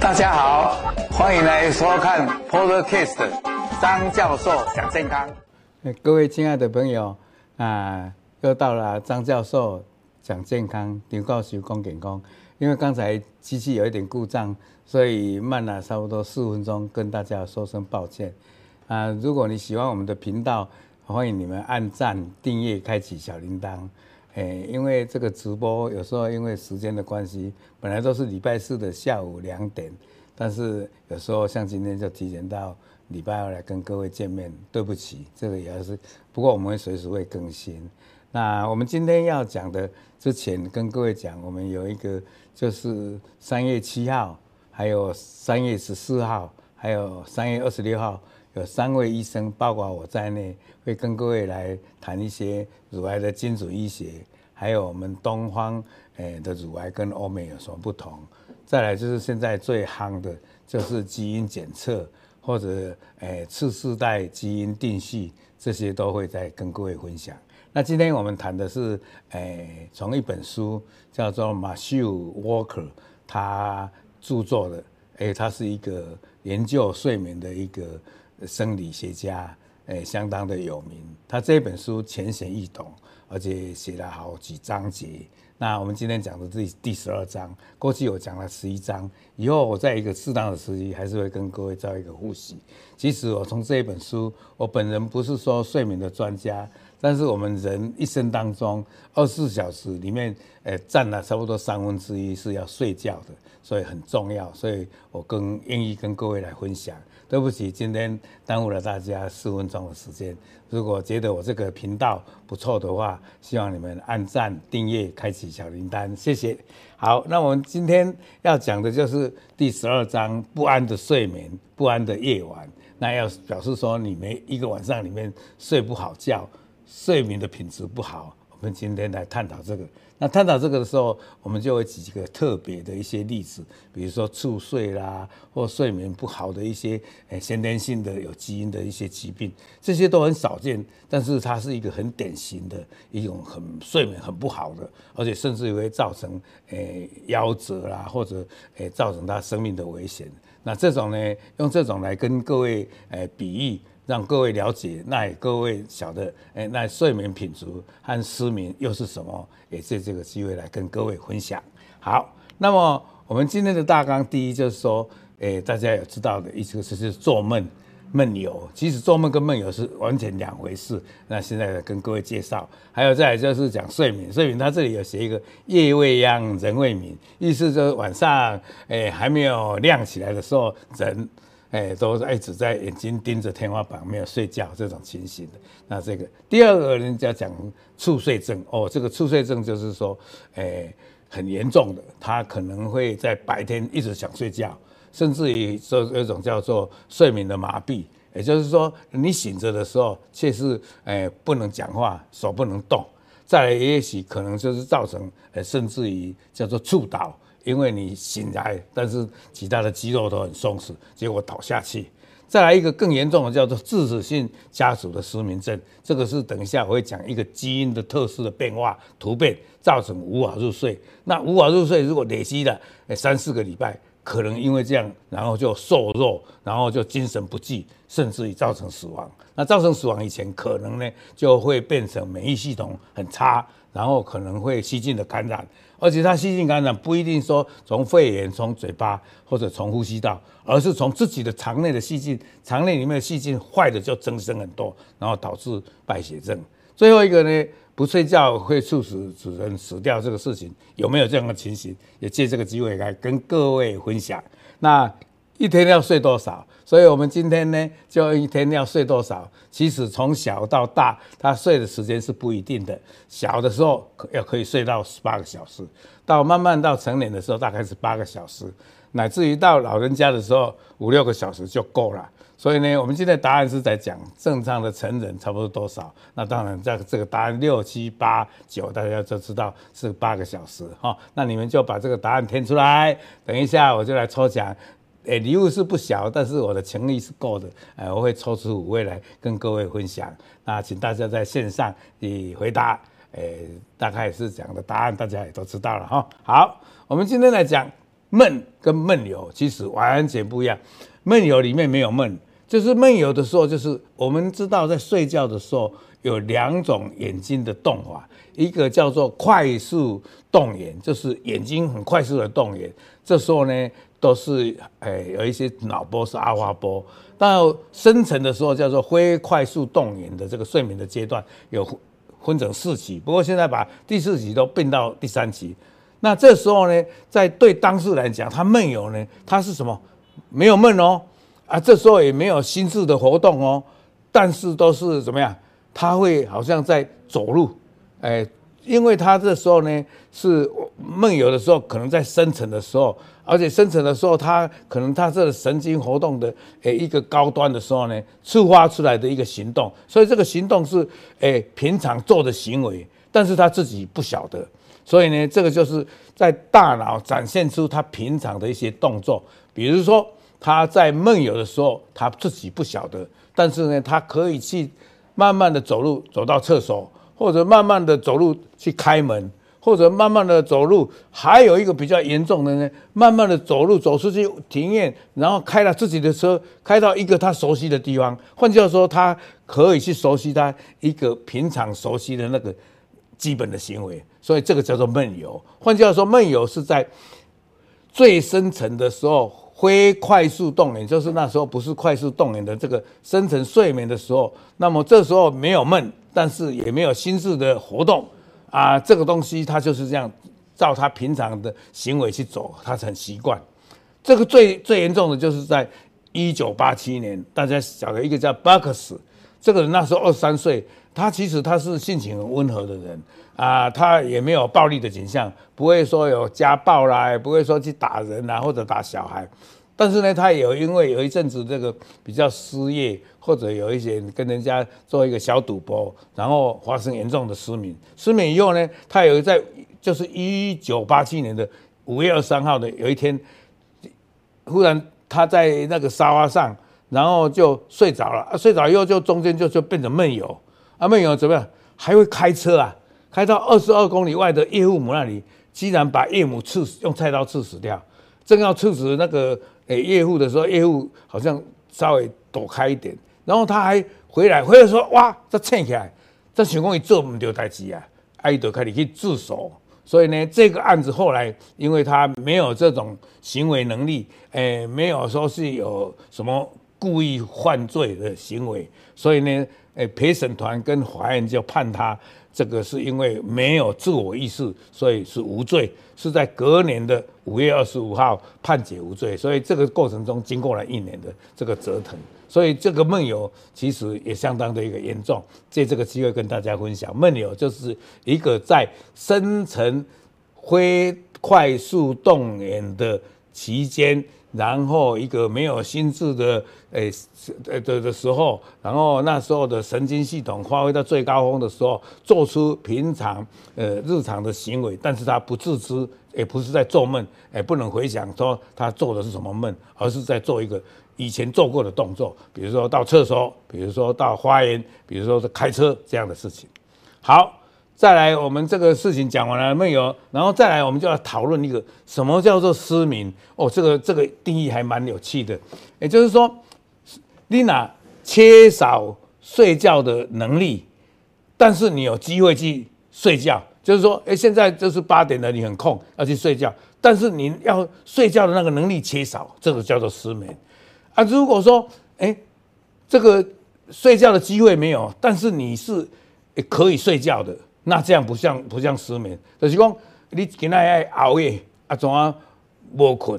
大家好，歡迎來收看 Podcast 張教授講健康。各位親愛的朋友啊、呃，又到了張教授講健康，劉告徐公點公，因為剛才機器有一點故障，所以慢了差不多四分鐘，跟大家說聲抱歉啊、呃。如果你喜歡我們的頻道，歡迎你們按讚、訂閱、開啟小鈴鐺。誒、欸，因為這個直播有時候因為時間的關係，本來都是禮拜四的下午兩點，但是有時候像今天就提前到禮拜二來跟各位見面，對不起，這個也要是。不過我們會隨時會更新。那我們今天要講的，之前跟各位講，我們有一個就是三月七號，還有三月十四號，還有三月二十六號。有三位醫生，包括我在內，會跟各位來談一些乳癌的精準醫學，還有我們東方誒、欸、的乳癌跟歐美有什麼不同。再來就是現在最夯的，就是基因檢測或者誒、欸、次世代基因定序，這些都會再跟各位分享。那今天我們談的是誒，從、欸、一本書叫做 Matthew Walker 他著作的，誒、欸、他是一個研究睡眠的一個。生理學家，誒、欸，相當的有名。他這一本書淺顯易懂，而且寫了好幾章節。那我們今天講的第第十二章，過去我講了十一章，以後我在一個適當的時機，還是會跟各位做一個複習。其實我從這一本書，我本人不是說睡眠的專家，但是我們人一生當中，二十四小時裡面，呃、欸，佔了差不多三分之一是要睡覺的，所以很重要。所以我更願意跟各位來分享。對不起，今天耽誤了大家四分鐘的時間。如果覺得我這個頻道不錯的話，希望你們按讚、訂閱、開啟小鈴鐺。謝謝。好，那我們今天要講的就是第十二章，不安的睡眠、不安的夜晚。那要表示說，你們一個晚上裡面睡不好覺，睡眠的品質不好。我們今天來探討這個。那探討這個的時候，我們就會舉幾個特別的一些例子，比如說猝睡啦，或睡眠不好的一些，誒，先天性的有基因的一些疾病，這些都很少見，但是它是一個很典型的一種很睡眠很不好的，而且甚至也會造成誒、欸、夭折啦，或者誒、欸、造成他生命的危險。那這種呢，用這種來跟各位誒、欸、比喻。讓各位了解，那各位曉得，哎，那睡眠品質和失眠又是什麼？也借這個機會來跟各位分享。好，那麼我們今天的大綱，第一就是說，哎、欸，大家有知道的意思是是做夢夢遊，其實做夢跟夢遊是完全兩回事。那現在跟各位介紹，還有再來就是講睡眠，睡眠它這裡有寫一個夜未央人未眠，意思就是晚上哎、欸、還沒有亮起來的時候人。哎，都是一直在眼睛盯着天花板，沒有睡覺這種情形的。那這個第二個人家講猝睡症哦，這個猝睡症就是說，哎、呃，很嚴重的，他可能會在白天一直想睡覺，甚至於說有一種叫做睡眠的麻痹，也就是說你醒着的時候卻是哎不能講話，手不能動，再來也許可能就是造成呃，甚至於叫做猝倒。因為你醒來，但是其他的肌肉都很鬆弛，結果倒下去。再來一個更嚴重的，叫做致死性家族的失眠症。這個是等一下我會講一個基因的特殊的變化突變，造成無法入睡。那無法入睡，如果累積了三四個禮拜，可能因為這樣，然後就瘦弱，然後就精神不濟，甚至於造成死亡。那造成死亡以前，可能呢就會變成免疫系統很差，然後可能會細菌的感染。而且他細菌感染不一定說從肺炎，從嘴巴或者從呼吸道，而是從自己的腸內的細菌，腸內裡面的細菌壞的就增生很多，然後導致敗血症。最後一個呢，不睡覺會促使主人死掉，這個事情有沒有這樣的情形？也借這個機會來跟各位分享。那。一天要睡多少？所以我們今天呢，就一天要睡多少？其實從小到大，他睡的時間是不一定的。小的時候可要可以睡到十八個小時，到慢慢到成年的時候，大概是八個小時，乃至於到老人家的時候，五六個小時就夠了。所以呢，我們今天的答案是在講正常的成人差不多多少？那當然，這這個答案六七八九，大家就知道是八個小時哈。那你們就把這個答案填出來，等一下我就來抽獎。誒，禮物是不小，但是我的誠意是夠的。誒，我會抽出五位來跟各位分享。那請大家在線上你回答。誒，大概也是講的答案，大家也都知道了哈。好，我們今天來講夢跟夢遊其實完全不一樣。夢遊裡面沒有夢，就是夢遊的時候，就是我們知道在睡覺的時候。有兩種眼睛的動法，一個叫做快速動眼，就是眼睛很快速的動眼。這時候呢，都是誒、哎、有一些腦波是阿法波。到深層的時候叫做非快速動眼的這個睡眠的階段，有分成四期，不過現在把第四期都併到第三期，那這時候呢，在對當事人來講，他夢遊呢，他是什麼？沒有夢哦，啊，這時候也沒有心智的活動哦，但是都是怎麼樣？他會好像在走路，哎、欸，因為他這時候呢是夢遊的時候，可能在深層的時候，而且深層的時候他，他可能他這個神經活動的，哎、欸，一個高端的時候呢觸發出來的一個行動，所以這個行動是哎、欸，平常做的行為，但是他自己不曉得，所以呢，這個就是在大腦展現出他平常的一些動作，比如說他在夢遊的時候，他自己不曉得，但是呢，他可以去。慢慢的走路走到廁所，或者慢慢的走路去開門，或者慢慢的走路，還有一個比較嚴重的呢，慢慢的走路走出去庭院，然後開了自己的車，開到一個他熟悉的地方。換句話說，他可以去熟悉他一個平常熟悉的那個基本的行為。所以這個叫做夢遊。換句話說，夢遊是在最深層的時候。非快速動眼就是那時候，不是快速動眼的這個深層睡眠的時候。那麼這時候沒有夢，但是也沒有心智的活動啊，這個東西他就是這樣，照他平常的行為去走，他很習慣。這個最最嚴重的就是在一九八七年，大家曉得一個叫巴克斯，這個人那時候二十三歲，他其實他是性情很溫和的人。啊，他也沒有暴力的傾向，不會說有家暴啦，也不會說去打人啊，或者打小孩。但是呢，他也有因為有一陣子這個比較失業，或者有一些跟人家做一個小賭博，然後發生嚴重的失眠。失眠以後呢，他有在就是一九八七年的五月二十三號的有一天，忽然他在那個沙發上，然後就睡着了。啊，睡着以後就中間就就變成夢遊。啊，夢遊怎麼樣？還會開車啊？開到二十二公里外的岳父母那裡，居然把岳母刺死，用菜刀刺死掉。正要刺死那個誒岳父的時候，岳父好像稍微躲開一點，然後他還回來，回來說：“哇，這站起來，這想講伊做唔到代誌啊，愛到開始去自首。”所以呢，這個案子後來因為他沒有這種行為能力，誒、欸，沒有說是有什麼故意犯罪的行為，所以呢，誒、欸、陪審團跟法院就判他。這個是因為沒有自我意識，所以是無罪，是在隔年的五月二十五號判決無罪，所以這個過程中經過了一年的這個折騰，所以這個夢遊其實也相當的一個嚴重。借這個機會跟大家分享，夢遊就是一個在深層非快速動員的期間。然後一個沒有心智的誒、的的時候，然後那時候的神經系統發揮到最高峰的時候，做出平常呃日常的行為，但是他不自知，也不是在做夢，也不能回想說他做的是什麼夢，而是在做一個以前做過的動作，比如說到廁所，比如說到花園，比如說是開車這樣的事情。好。再來，我們這個事情講完了沒有？然後再來，我們就要討論一個什麼叫做失眠哦。這個這個定義還蠻有趣的，也就是說，你哪缺少睡覺的能力，但是你有機會去睡覺，就是說，哎、欸，現在就是八點了，你很空要去睡覺，但是你要睡覺的那個能力缺少，這個叫做失眠啊。如果說，哎、欸，這個睡覺的機會沒有，但是你是可以睡覺的。那這樣不像不像失眠，就是說你今仔日熬夜啊，怎啊無睏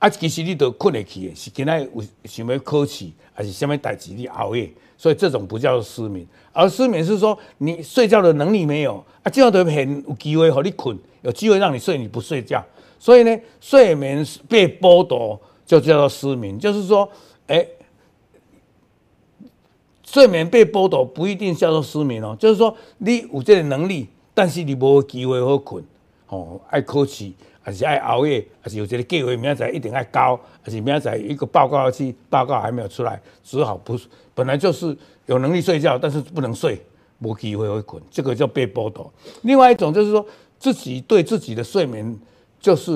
啊？其實你都睏得起是今仔日想欲考試，還是什麼代誌你熬夜？所以這種不叫做失眠，而失眠是說你睡覺的能力沒有啊，今晚都肯有機會讓你睏，有機會讓你睡，你不睡覺。所以呢，睡眠被剝奪就叫做失眠，就是說，哎、欸。睡眠被剝奪不一定叫做失眠哦，就是說你有這個能力，但是你沒有機會好困哦，愛考試還是愛熬夜，而且有些機會明仔一定愛高，而且明仔一個報告要報告還沒有出來，只好不本來就是有能力睡覺，但是不能睡，無機會會困，這個叫被剝奪。另外一種就是說自己對自己的睡眠就是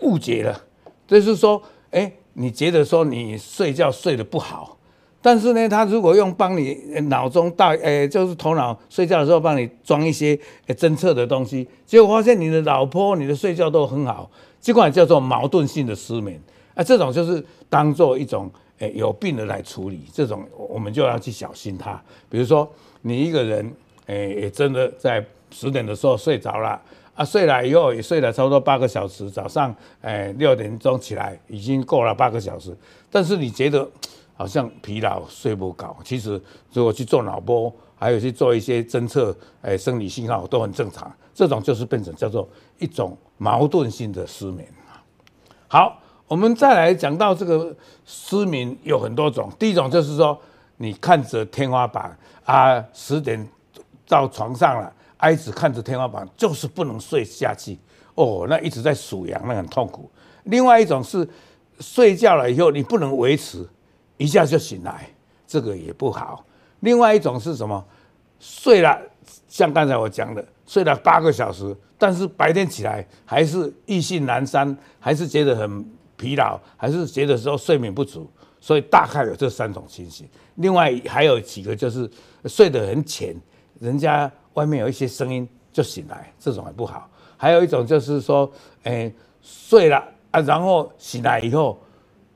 誤解了，就是說，欸，你覺得說你睡覺睡得不好。但是呢，他如果用幫你腦中大誒、欸，就是頭腦睡覺的時候幫你裝一些誒偵測的東西，結果發現你的老婆、你的睡覺都很好，基本上叫做矛盾性的失眠啊。這種就是當做一種誒、欸、有病人來處理，這種我們就要去小心它。比如說你一個人誒、欸、也真的在十點的時候睡着了啊，睡了以後也睡了差不多八個小時，早上誒欸、六點鐘起來已經過了八個小時，但是你覺得。好像疲勞睡不着，其實如果去做腦波，還有去做一些偵測，哎，生理信號都很正常，這種就是變成叫做一種矛盾性的失眠。好，我們再來講到這個失眠有很多種，第一種就是說你看着天花板啊，十點到床上了，一直看着天花板，就是不能睡下去，哦，那一直在數羊，那很痛苦。另外一種是睡覺了以後你不能維持。一下就醒來，這個也不好。另外一種是什麼？睡了，像剛才我講的，睡了八個小時，但是白天起來還是意興闌珊，還是覺得很疲勞，還是覺得說睡眠不足。所以大概有這三種情形。另外還有幾個就是睡得很淺，人家外面有一些聲音就醒來，這種也不好。還有一種就是說，哎、欸，睡了啊，然後醒來以後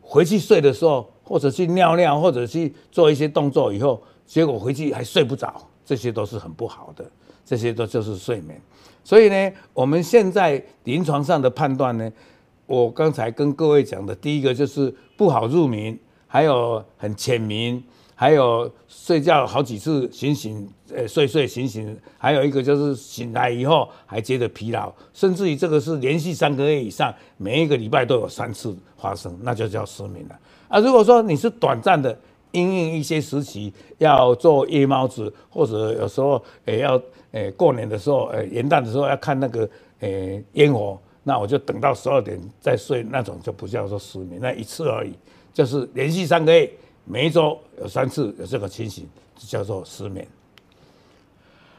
回去睡的時候。或者去尿尿，或者去做一些動作以後，結果回去還睡不着，這些都是很不好的，這些都就是睡眠。所以呢，我們現在臨床上的判斷呢，我剛才跟各位講的，第一個就是不好入眠，還有很淺眠，還有睡覺好幾次醒醒，呃、欸、睡睡醒醒，還有一個就是醒來以後還覺得疲勞，甚至於這個是連續三個月以上，每一個禮拜都有三次發生，那就叫失眠了。啊，如果說你是短暫的，因應一些時期要做夜貓子，或者有時候也、欸、要，誒、欸，過年的時候，誒、欸，元旦的時候要看那個，誒、欸，煙火，那我就等到十二點再睡，那種就不叫做失眠，那一次而已。就是連續三個月，每一週有三次有這個情形，就叫做失眠。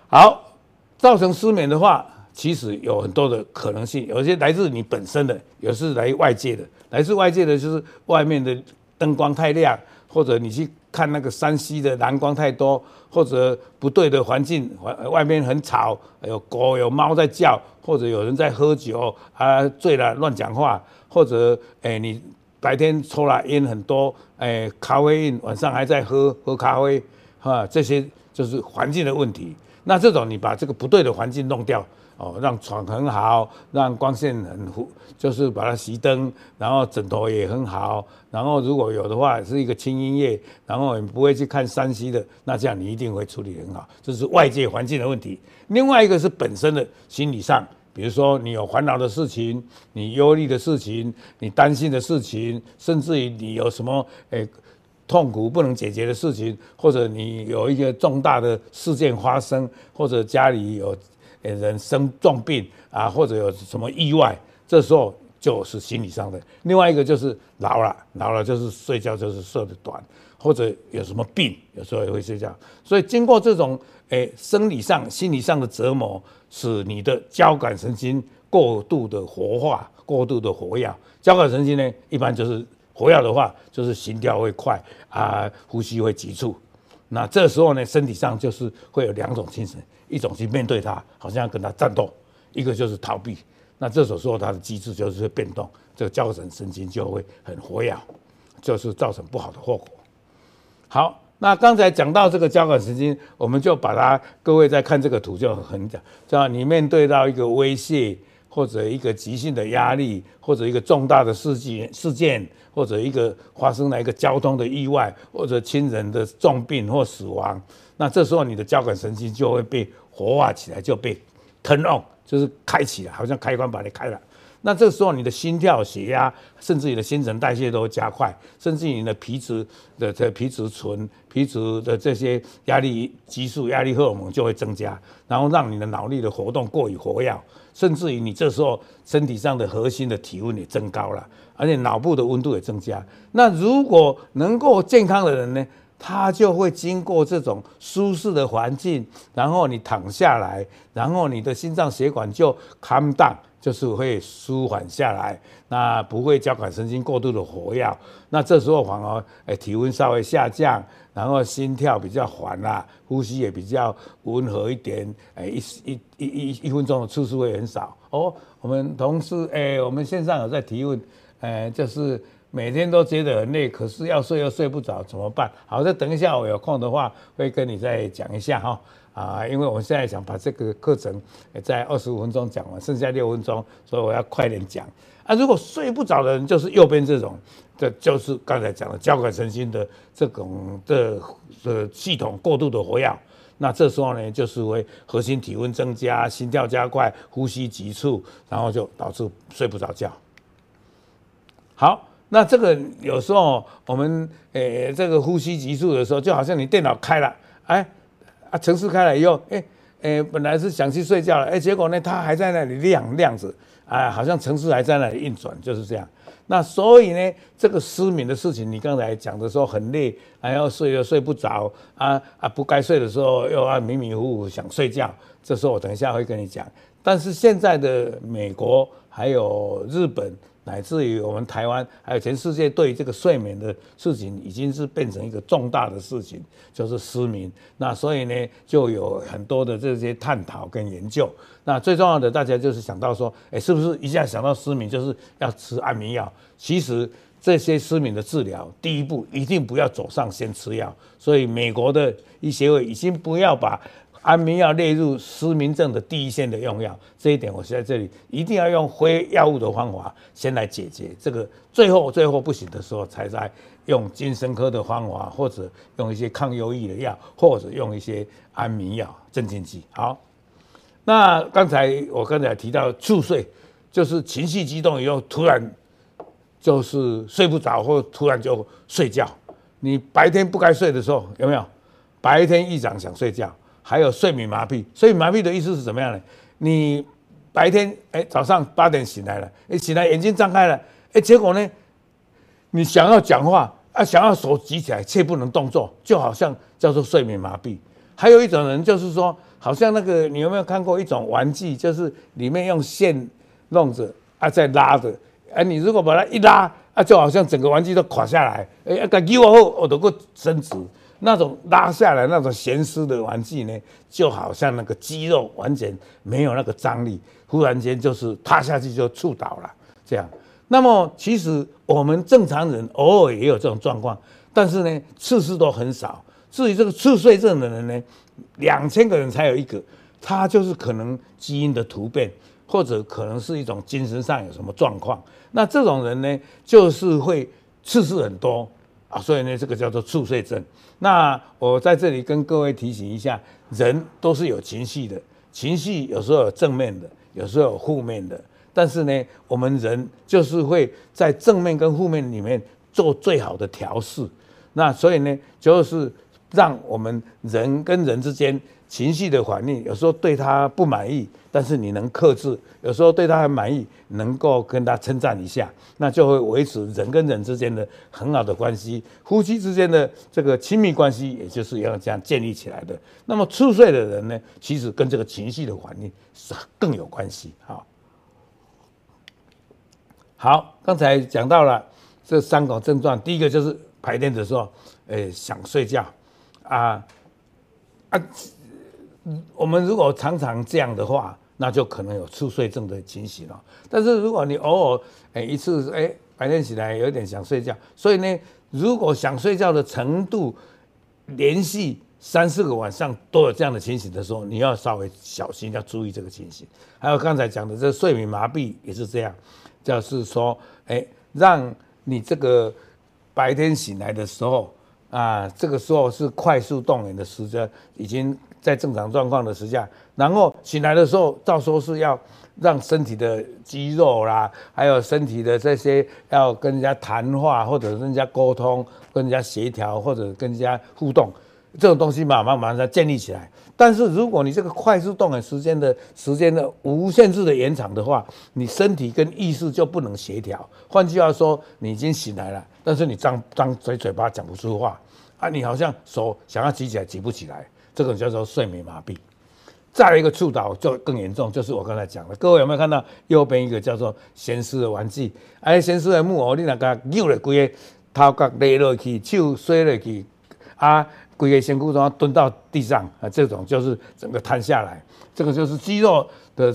好，造成失眠的話。其實有很多的可能性，有些來自你本身的，有些來外界的。來自外界的就是外面的燈光太亮，或者你去看那個山西的藍光太多，或者不對的環境，外外面很吵，有狗有貓在叫，或者有人在喝酒啊，醉了亂講話，或者哎你白天抽了煙很多，哎咖啡因晚上還在喝喝咖啡，哈、啊、這些就是環境的問題。那這種你把這個不對的環境弄掉。哦，讓床很好，讓光線很，就是把它熄燈，然後枕頭也很好，然後如果有的話是一個輕音樂，然後你不會去看山西的，那這樣你一定會處理得很好，這是外界環境的問題。另外一個是本身的心理上，比如說你有煩惱的事情，你憂慮的事情，你擔心的事情，甚至於你有什麼誒、欸、痛苦不能解決的事情，或者你有一個重大的事件發生，或者家裡有。人生重病啊，或者有什麼意外，這時候就是心理上的。另外一個就是老了，老了就是睡覺就是睡得短，或者有什麼病，有時候也會睡覺。所以經過這種，欸，生理上、心理上的折磨，使你的交感神經過度的活化，過度的活躍。交感神經呢，一般就是活躍的話，就是心跳會快啊，呼吸會急促。那這時候呢，身體上就是會有兩種精神，一種是面對它，好像要跟它戰鬥；一個就是逃避。那這時候它的機制就是會變動，這個交感神經就會很活躍，就是造成不好的後果。好，那剛才講到這個交感神經，我們就把它，各位在看這個圖就很講，叫你面對到一個威脅。或者一個急性的壓力，或者一個重大的事件事件，或者一個發生了一個交通的意外，或者親人的重病或死亡，那這時候你的交感神經就會被活化起來，就被 turn on，就是開啟了，好像開關把你開了。那這時候，你的心跳、血壓，甚至你的新陳代謝都會加快，甚至你的皮質的，的皮質醇、皮質的這些壓力激素、壓力荷爾蒙就會增加，然後讓你的腦力的活動過於活躍，甚至於你這時候身體上的核心的體溫也增高了，而且腦部的溫度也增加。那如果能夠健康的人呢，他就會經過這種舒適的環境，然後你躺下來，然後你的心臟血管就 calm down。就是會舒緩下來，那不會交感神經過度的活躍，那這時候反而誒體溫稍微下降，然後心跳比較緩啦，呼吸也比較溫和一點，誒一一一一一分鐘的次數會很少。哦，我們同事誒、欸、我們線上有在提問，誒、欸、就是每天都覺得很累，可是要睡又睡不着，怎麼辦？好，就等一下我有空的話會跟你再講一下哈。啊，因為我們現在想把這個課程在二十五分鐘講完，剩下六分鐘，所以我要快點講。啊，如果睡不着的人就是右邊這、就是、這種，這就是剛才講的交感神經的這種、個、這系統過度的活躍，那這時候呢就是為核心體溫增加，心跳加快，呼吸急促，然後就導致睡不着覺。好，那這個有時候我們誒、欸、這個呼吸急促的時候，就好像你電腦開了，哎、欸。啊，城市開了以後，哎、欸，哎、欸，本來是想去睡覺了，哎、欸，結果呢，他還在那裡亮亮着，啊，好像城市還在那裡運轉，就是這樣。那所以呢，這個失眠的事情，你剛才講的時候很累，還、啊、要睡又睡不着，啊啊，不該睡的時候又要、啊、迷迷糊糊想睡覺，這時候我等一下會跟你講。但是現在的美國還有日本。乃至於我們台灣，還有全世界對這個睡眠的事情，已經是變成一個重大的事情，就是失眠。那所以呢，就有很多的這些探討跟研究。那最重要的，大家就是想到說，哎、欸，是不是一下想到失眠就是要吃安眠藥？其實這些失眠的治療，第一步一定不要走上先吃藥。所以美國的醫協會已經不要把。安眠藥列入失眠症的第一線的用藥，這一點我在這裡一定要用非藥物的方法先來解決。這個最後最後不行的時候，才在用精神科的方法，或者用一些抗憂鬱的藥，或者用一些安眠藥、鎮靜劑。好，那剛才我剛才提到猝睡，就是情緒激動以後突然就是睡不着，或突然就睡覺。你白天不該睡的時候有沒有？白天一早想睡覺。還有睡眠麻痹，睡眠麻痹的意思是怎麼樣呢？你白天、欸、早上八點醒來了，哎、欸、醒來眼睛張開了，哎、欸、結果呢，你想要講話啊，想要手舉起來卻不能動作，就好像叫做睡眠麻痹。還有一種人就是說，好像那個你有沒有看過一種玩具，就是裡面用線弄着啊再拉着、啊，你如果把它一拉啊，就好像整個玩具都垮下來，哎、欸、一、啊、我後我能夠伸直。那種拉下來，那種懸絲的玩具呢，就好像那個肌肉，完全沒有那個張力，忽然間就是塌下去，就猝倒了。這樣，那麼其實我們正常人偶爾也有這種狀況，但是呢，次數都很少。至於這個嗜睡症的人呢，兩千個人才有一個，他就是可能基因的突變，或者可能是一種精神上有什麼狀況。那這種人呢，就是會次數很多。啊，所以呢，這個叫做猝睡症。那我在這裡跟各位提醒一下，人都是有情緒的，情緒有時候有正面的，有時候有負面的。但是呢，我們人就是會在正面跟負面裡面做最好的調適。那所以呢，就是，讓我們人跟人之間情緒的反應，有時候對他不滿意，但是你能克制；有時候對他很滿意，能夠跟他稱讚一下，那就會維持人跟人之間的很好的關係。夫妻之間的這個親密關係，也就是要這樣建立起來的。那麼猝睡的人呢，其實跟這個情緒的反應是更有關係。好，好，剛才講到了這三種症狀，第一個就是排練的時候，哎，想睡覺。啊，啊，我們如果常常這樣的話，那就可能有猝睡症的情形了。但是如果你偶爾哎、欸、一次哎、欸、白天起來有點想睡覺，所以呢，如果想睡覺的程度連續三四個晚上都有這樣的情形的時候，你要稍微小心，要注意這個情形。還有剛才講的這睡眠麻痹也是這樣，就是說哎、欸，讓你這個白天醒來的時候。啊，這個時候是快速動眼的時間，已經在正常狀況的時間，然後醒來的時候，到時候是要讓身體的肌肉啦，還有身體的這些要跟人家談話，或者跟人家溝通，跟人家協調，或者跟人家互動，這種東西慢慢慢慢建立起來。但是如果你這個快速動眼時間的時間的無限制的延長的話，你身體跟意識就不能協調。換句話說，你已經醒來了。但是你張張嘴嘴巴講不出話啊，你好像手想要舉起來舉不起來，這個叫做睡眠麻痹。再一個猝倒就更嚴重，就是我剛才講的。各位有沒有看到右邊一個叫做懸絲的玩具？哎、啊，懸絲的木偶，你那個扭了規個頭殼捏落去，手甩落去，啊，跪在先，口，然後蹲到地上啊，這種就是整個癱下來，這個就是肌肉的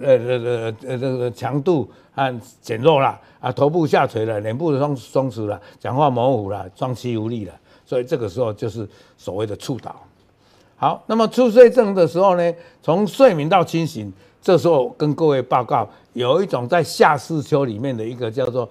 呃呃呃呃這個、呃呃呃、強度啊減弱了啊，頭部下垂了，臉部鬆鬆弛了，講話模糊了，雙膝無力了，所以這個時候就是所謂的猝倒。好，那麼猝睡症的時候呢，從睡眠到清醒，這時候跟各位報告，有一種在下視丘裡面的一個叫做。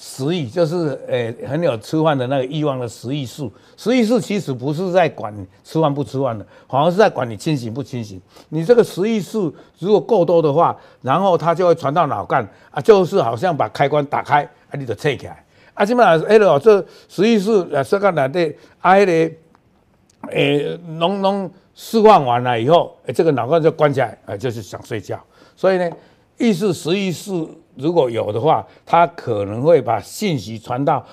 食欲就是誒、欸、很有吃飯的那個欲望的食欲素，食欲素其實不是在管你吃飯不吃飯的，反而是在管你清醒不清醒。你這個食欲素如果夠多的話，然後它就會傳到腦幹啊，就是好像把開關打開，啊你就醒起來。啊，今嘛哎呦，這食欲素啊，說幹哪對，哎、欸、嘞，誒，濃濃釋放完了以後，誒這個腦幹就關起來，啊就是想睡覺。所以呢，意思食欲素。如果有的話，它可能會把信息，傳到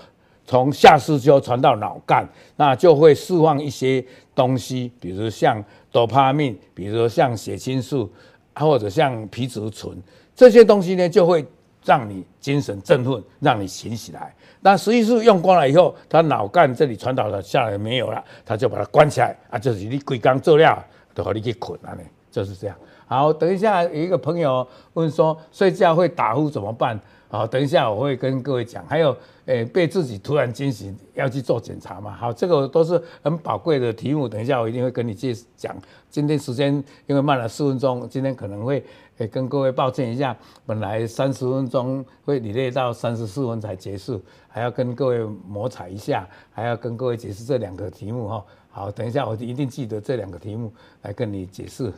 從下視丘傳到腦幹，那就會釋放一些東西，比如像多巴胺，比如說像血清素，或者像皮質醇這些東西呢，就會讓你精神振奮，讓你醒起來。那實際是用光了以後，他腦幹這裡傳導了下來沒有了，他就把它關起來啊，就是你龜剛做料，都好你去捆了呢，就是這樣。好，等一下有一個朋友問說睡覺會打呼怎麼辦？好，等一下我會跟各位講。還有，誒、欸，被自己突然驚醒要去做檢查嘛？好，這個都是很寶貴的題目。等一下我一定會跟你解講。今天時間因為慢了四分鐘，今天可能會、欸、跟各位抱歉一下。本來三十分鐘會理論到三十四分才結束，還要跟各位摩擦一下，還要跟各位解釋這兩個題目哈。好，等一下我一定記得這兩個題目來跟你解釋。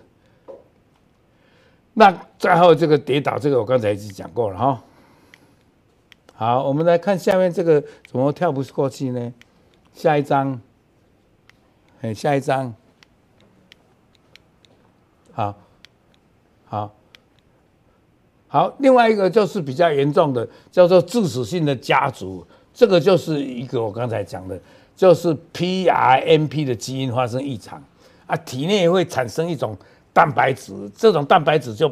那最後這個跌倒，這個我剛才已經講過了哈。好，我們來看下面這個怎麼跳不過去呢？下一張，下一張，好，好，好。另外一個就是比較嚴重的，叫做致死性的家族，這個就是一個我剛才講的，就是 PRNP 的基因發生異常啊，體內會產生一種。蛋白質。這種蛋白質就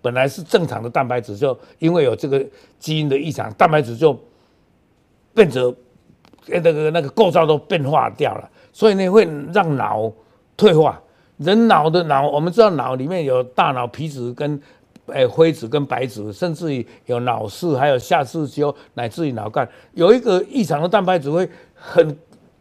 本來是正常的蛋白質，就因為有這個基因的異常，蛋白質就變得那個那個構造都變化掉了，所以呢會讓腦退化。人腦的腦，我們知道腦裡面有大腦皮質、跟誒灰質、跟白質，甚至於有腦室、還有下視丘，乃至於腦幹，有一個異常的蛋白質會很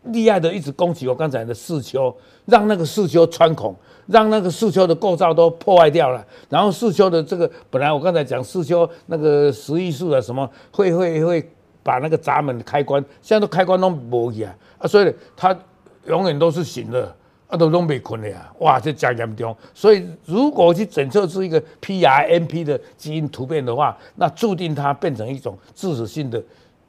厲害的一直攻擊我剛才的視丘，讓那個視丘穿孔讓那個視丘的構造都破壞掉了。然後視丘的這個本來我剛才講視丘那個十一數的什麼會會會把那個閘門開關，現在都開關都沒了啊，所以它永遠都是醒的，啊都都沒困的呀。哇，這真嚴重。所以如果去檢測是一個 PRNP 的基因突變的話，那注定它變成一種致死性的、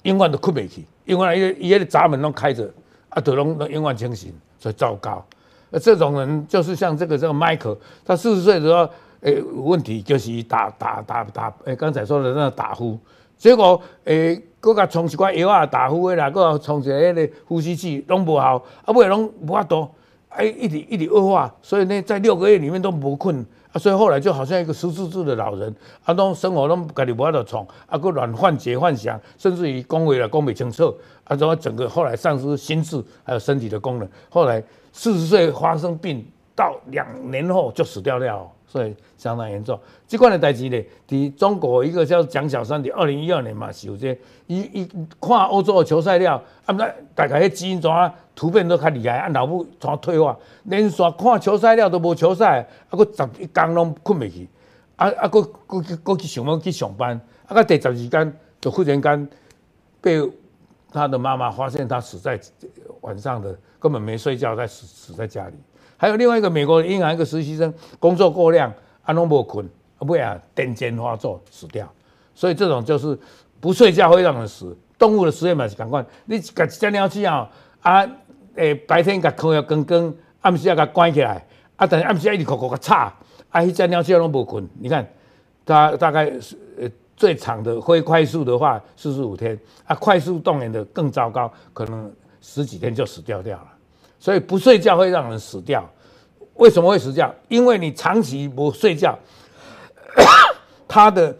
永遠的困不起，因為一一個閘門都開着。啊，都攏能永遠清醒，所以糟糕。啊，這種人就是像這個這個邁克，他四十歲的時候，誒、欸，有問題就是打打打打，誒，剛、欸、才說的那個打呼，結果誒，擱個沖幾塊藥啊，打呼的啦，擱個充個，那個呼吸器，攏無效，啊，不然攏無法度，啊、欸，一直一直惡化，所以呢，在六個月裡面都不困。啊，所以後來就好像一個十四歲的老人，啊，那麼生活那麼家裡不曉得闖，啊，各種幻覺幻想，甚至於恭維了恭維，清瘦，啊，然後整個後來喪失心智，還有身體的功能，後來四十歲發生病，到兩年後就死掉了。所以相當嚴重，即款的代志咧，佇中國一個叫蔣小山的，二零一二年嘛有這伊、伊、伊看歐洲的球賽了，啊，大家迄基因怎啊突變都較厲害，啊，老母全退化，連續看球賽了都無球賽，啊，佫十一工攏睏袂去，啊啊，佫佫佫去想要去上班，啊，到第十二間就忽然間被他的媽媽發現他死在晚上的，根本沒睡覺在死死在家裡。還有另外一個美國的銀行一個實習生工作過量，阿攏無睏，不啊，癲癇發作死掉。所以這種就是不睡覺會讓人死。動物的實驗嘛是同款，你夾一只鳥雀啊，誒、欸、白天夾靠要跟光，暗時啊夾關起來，啊等暗時一直你口口個吵，啊一只鳥雀攏無困。你看它大概是、呃、最長的，會快速的話四十五天，啊快速動員的更糟糕，可能十幾天就死掉掉了。所以不睡覺會讓人死掉，為什麼會死掉？因為你長期不睡覺，他的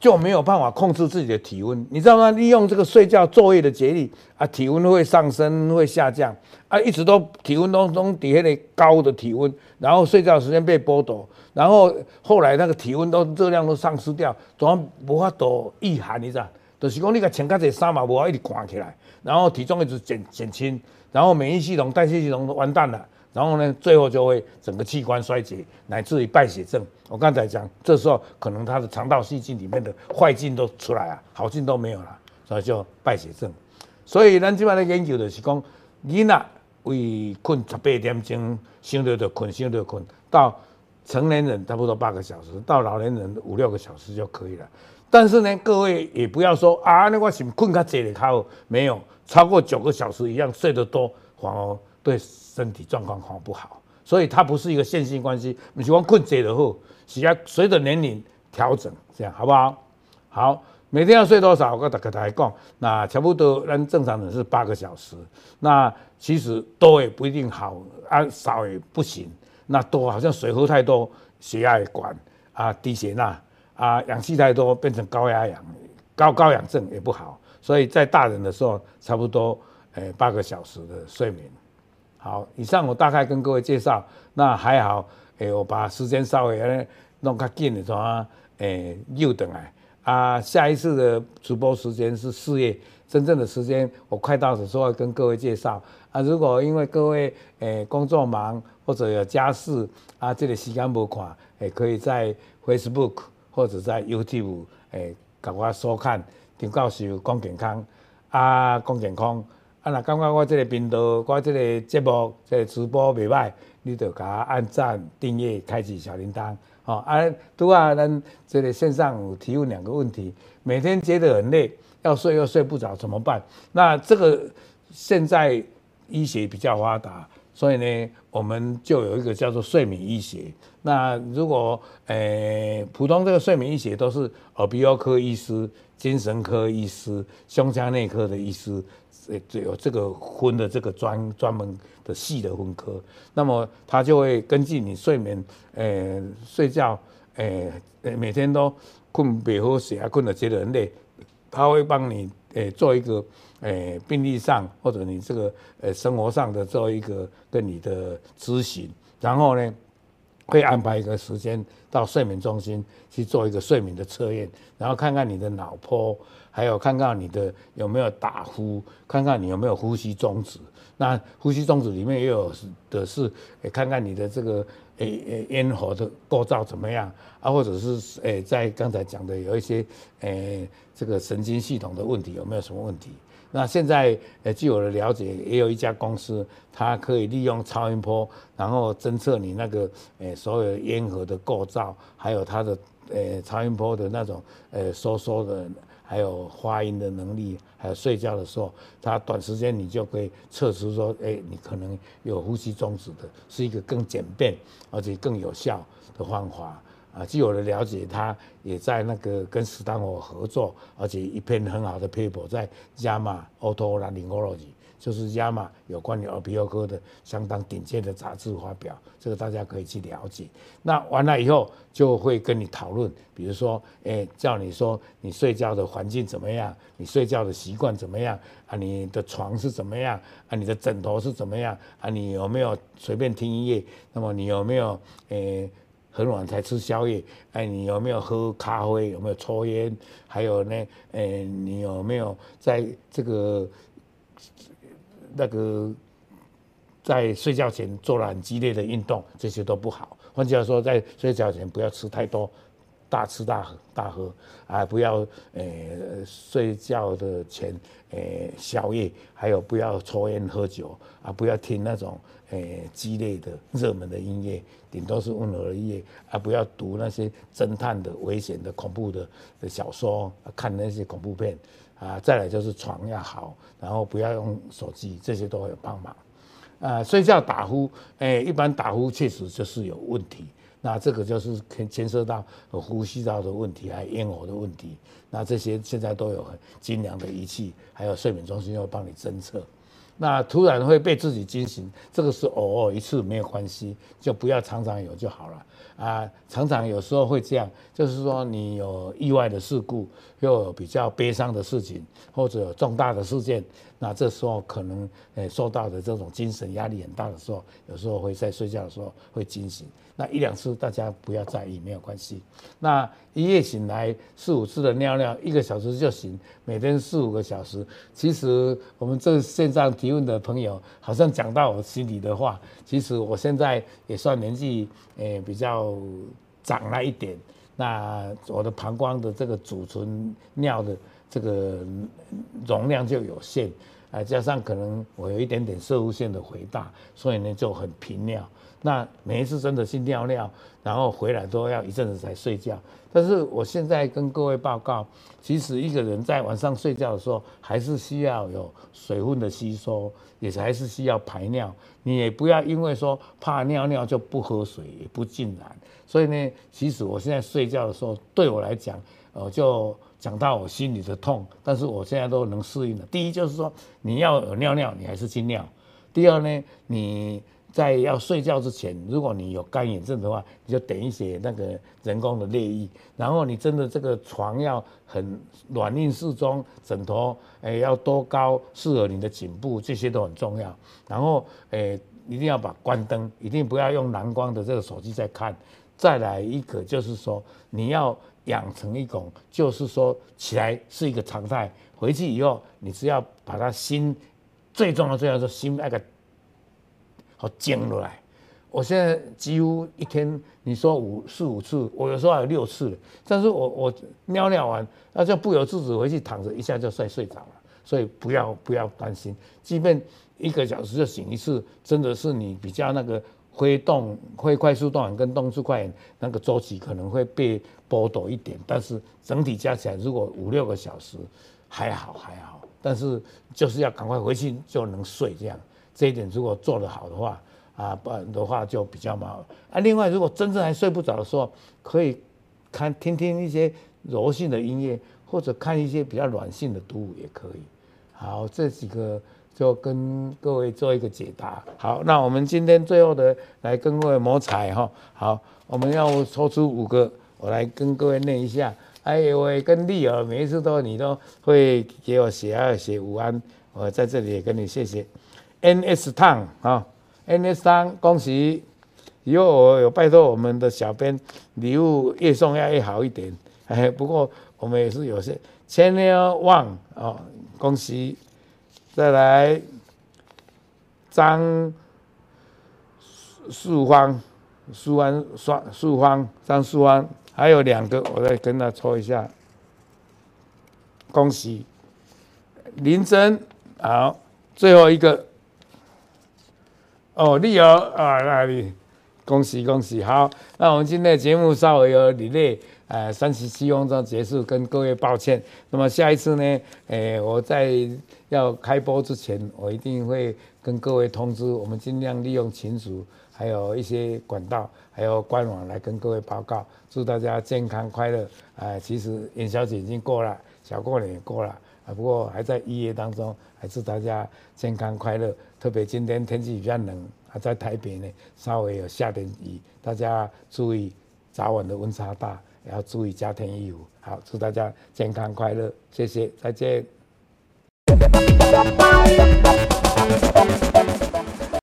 就沒有辦法控制自己的體溫，你知道嗎？利用這個睡覺晝夜的節律啊，體溫會上升會下降啊，一直都體溫都都底下的高的體溫，然後睡覺時間被剝奪，然後後來那個體溫都熱量都喪失掉，怎麼沒法躲禦寒？你知道？就是講你個穿卡子衫嘛，不要一直寒起來，然後體重一直減減輕。然後免疫系統、代謝系統都完蛋了，然後呢，最後就會整個器官衰竭，乃至於敗血症。我剛才講，這時候可能他的腸道細菌裡面的壞菌都出來了，好菌都沒有了，所以就敗血症。所以咱今晚的研究就是講，你那為困十八點鐘，醒了就困，醒了就困，到成年人差不多八個小時，到老年人五六個小時就可以了。但是呢，各位也不要說啊，那我想困個這裡？號沒有超過九個小時，一樣睡得多反而對身體狀況反而不好。所以它不是一個線性關係。你喜歡困幾的後，是要隨着年齡調整，這樣好不好？好，每天要睡多少？我跟大家講，那差不多按正常的是八個小時。那其實多也不一定好，按、啊、少也不行。那多好像水喝太多，血壓也管啊，低血鈉。啊，氧氣太多變成高壓氧，高高氧症也不好。所以在大人的時候，差不多、呃、八個小時的睡眠。好，以上我大概跟各位介紹。那還好，誒、呃，我把時間稍微弄較緊一點啊。誒、呃，又回來啊。下一次的直播時間是四月，真正的時間我快到的時候會跟各位介紹。啊，如果因為各位誒、呃、工作忙或者有家事啊，這個時間不款、呃，可以在 Facebook。或者在 YouTube 誒、欸，甲我收看，張教授講健康啊，講健康啊，那感覺我這個頻道、我這個節目、這個直播袂歹，你就甲按讚、訂閱、開啟小鈴鐺。哦，啊，拄啊，咱這個線上有提問兩個問題：每天覺得很累，要睡又睡不着，怎麼辦？那這個現在醫學比較發達。所以呢，我們就有一個叫做睡眠醫學。那如果誒、欸，普通這個睡眠醫學都是耳鼻喉科醫師、精神科醫師、胸腔內科的醫師，誒，有這個分的這個專專門的系的分科。那麼他就會根據你睡眠，誒、欸，睡覺，誒、欸，每天都困，比如說睡啊，困了覺得很累，他會幫你。誒、欸，做一個誒、欸、病歷上或者你這個誒、欸、生活上的做一個跟你的諮詢，然後呢，會安排一個時間到睡眠中心去做一個睡眠的測驗，然後看看你的腦波，還有看看你的有沒有打呼，看看你有沒有呼吸中止。那呼吸中止裡面也有的是、欸、看看你的這個。誒誒，咽喉的構造怎麼樣？啊，或者是誒，在剛才講的有一些誒、欸，這個神經系統的問題有沒有什麼問題？那現在誒、欸，據我的了解，也有一家公司，它可以利用超音波，然後偵測你那個誒、欸，所有咽喉的構造，還有它的誒、欸，超音波的那種誒、欸，收縮的。還有發音的能力，還有睡覺的時候，它短時間你就可以測試說，哎、欸，你可能有呼吸中止的，是一個更簡便而且更有效的方法。啊，據我的了解，他也在那個跟斯坦福合作，而且一篇很好的 paper 在 JAMA Otolaryngology 就是亞馬有關於耳鼻喉科的相當頂尖的雜誌發表，這個大家可以去了解。那完了以後就會跟你討論，比如說，誒、欸,叫你說你睡覺的環境怎麼樣，你睡覺的習慣怎麼樣啊？你的床是怎麼樣啊？你的枕頭是怎麼樣啊？你有沒有隨便聽音樂？那麼你有沒有誒、欸，很晚才吃宵夜？哎、啊，你有沒有喝咖啡？有沒有抽煙？還有呢，誒、欸，你有沒有在這個？那個在睡覺前做了很激烈的運動，這些都不好。換句話說，在睡覺前不要吃太多，大吃大喝大喝，啊，不要誒、呃、睡覺的前誒宵、呃、夜，還有不要抽菸喝酒，啊，不要聽那種誒、呃、激烈的熱門的音樂，頂多是溫柔的音樂，啊，不要讀那些偵探的、危險的、恐怖的的小說，看那些恐怖片。啊，再來就是床要好，然後不要用手機，這些都會有幫忙。呃、啊，睡覺打呼，哎，一般打呼確實就是有問題，那這個就是牽牽涉到呼吸道的問題，還有咽喉的問題。那這些現在都有很精良的儀器，還有睡眠中心要幫你偵測。那突然會被自己驚醒，這個是偶爾一次沒有關係，就不要常常有就好了。啊，常常有時候會這樣，就是說你有意外的事故。又有比較悲傷的事情，或者有重大的事件，那這時候可能誒、欸、受到的這種精神壓力很大的時候，有時候會在睡覺的時候會驚醒。那一兩次大家不要在意，沒有關係。那一夜醒來四五次的尿尿，一個小時就醒，每天四五個小時。其實我們這線上提問的朋友好像講到我心裡的話。其實我現在也算年紀誒、欸、比較長了一點。那我的膀胱的這個儲存尿的這個容量就有限，啊，加上可能我有一點點攝護腺肥大，所以呢就很頻尿。那每一次真的去尿尿，然後回來都要一陣子才睡覺。但是我現在跟各位報告，其實一個人在晚上睡覺的時候，還是需要有水分的吸收，也還是需要排尿。你也不要因為說怕尿尿就不喝水，也不盡然。所以呢，其實我現在睡覺的時候，對我來講，呃，就講到我心裡的痛。但是我現在都能適應了。第一就是說，你要有尿尿，你還是去尿。第二呢，你。在要睡覺之前，如果你有乾眼症的話，你就點一些那個人工的淚液。然後你真的這個床要很軟硬適中，枕頭誒要多高，適合你的頸部，這些都很重要。然後誒、欸、一定要把關燈，一定不要用藍光的這個手機在看。再來一個就是說，你要養成一種就是說起來是一個常態，回去以後你只要把它心最重要最重要是心那個。好精了來，我現在幾乎一天你說五四五次，我有時候還有六次了，但是我我尿尿完，那就不由自主回去躺着，一下就睡睡着了，所以不要不要擔心，即便一個小時就醒一次，真的是你比較那個非動非快速動眼跟動眼快那個周期可能會被剝奪一點，但是整體加起來如果五六個小時還好還好，但是就是要趕快回去就能睡這樣。這一點如果做得好的話，啊，不然的話就比較麻煩。啊，另外如果真正還睡不着的時候，可以看聽聽一些柔性的音樂，或者看一些比較軟性的讀物也可以。好，這幾個就跟各位做一個解答。好，那我們今天最後的來跟各位摸彩哈。好，我們要抽出五個，我來跟各位念一下。哎呦喂，我也跟立兒每一次都你都會給我寫啊寫午安，我在這裡也跟你謝謝。NS 湯啊，NS 湯，恭喜！以後我有拜托我們的小編禮物越送要越好一點。嘿，不過我們也是有限，Channel One 啊，恭喜！再來張淑芳、淑芳雙、淑芳張淑芳，還有兩個，我再跟他抽一下，恭喜，林真，好，最後一個。哦，你有啊，那你恭喜恭喜，好，那我們今天的節目稍微有離了，呃，三十七分鐘結束，跟各位抱歉。那麼下一次呢，誒、呃，我在要開播之前，我一定會跟各位通知，我們盡量利用群組，還有一些管道，還有官網來跟各位報告。祝大家健康快樂啊、呃！其實元宵節已經過了，小過年也過了啊，不過還在一月當中，還祝大家健康快樂。特別今天天氣比較冷，啊，在台北呢，稍微有下點雨，大家注意早晚的溫差大，也要注意加添衣服。好，祝大家健康快樂，謝謝，再見。